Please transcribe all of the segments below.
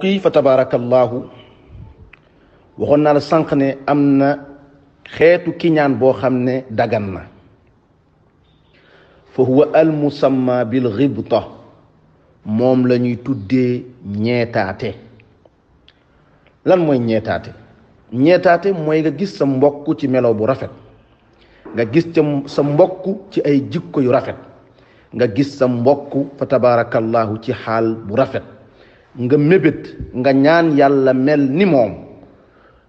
mbokk yi fa waxoon naa sànq ne am na xeetu kiñaan boo xam ne dagan na fa huwa al musamma bil ghibta moom lañuy ñuy tuddee ñeetaate lan mooy ñeetaate ñeetaate mooy nga gis sa mbokk ci melo bu rafet nga gis sa mbokk ci ay jikko yu rafet nga gis sa mbokk fa tabaarakallaahu ci xaal bu rafet nga mébét nga ñaan yàlla mel ni moom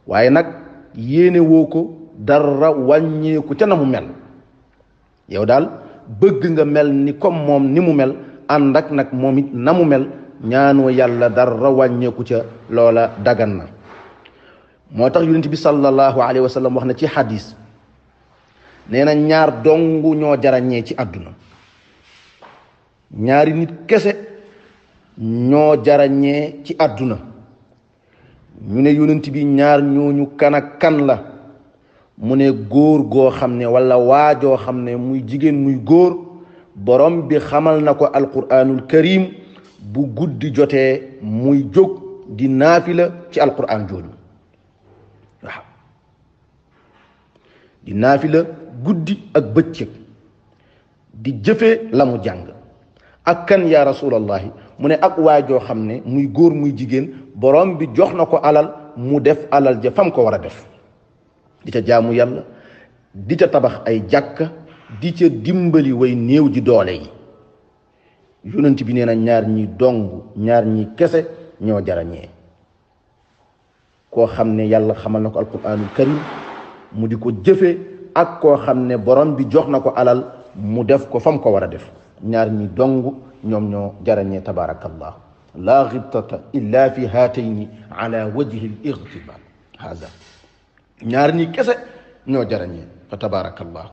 waaye nag yéene woo ko dara wàññeeku ca namu mu mel yow daal bëgg nga mel ni comme moom ni mu mel ànd ak nag moom it na mu mel ñaanoo yàlla dara wàññeeku ca loola dagan na moo tax yonent bi sallallahu alayhi wa wax na ci xadis nee na ñaar dong ñoo jarañee ci àdduna ñaari nit kese ñoo jarañee ci àdduna ñu ne yonent bi ñaar ñooñu kan kan la mu ne góor goo xam ne wala waajoo xam ne muy jigéen muy góor borom bi xamal na ko alquranul karim bu guddi jotee muy jóg di naafila ci alquran jooju waaw di naafila guddi ak bëccëg di jëfe la mu jàng ak kan yaa rasulallahi mu ne ak waay joo xam ne muy góor muy jigéen borom bi jox na ko alal mu def alal ja fam ko war a def di ca jaamu yàlla di ca tabax ay jàkka di ca dimbali way néew ji doole yi yonent bi nee na ñaar ñi dong ñaar ñi kese ñoo jarañee koo xam ne yàlla xamal na ko alquranul karim mu di ko jëfe ak koo xam ne borom bi jox na ko alal mu def ko fam ko war a def ñaar ñi dong ñoom ñoo jarañee tabarakallah la ghibtata illa fi hatayni ala wajhi al ightibal hada ñaar ñi kese ñoo jarañee fa tabarakallah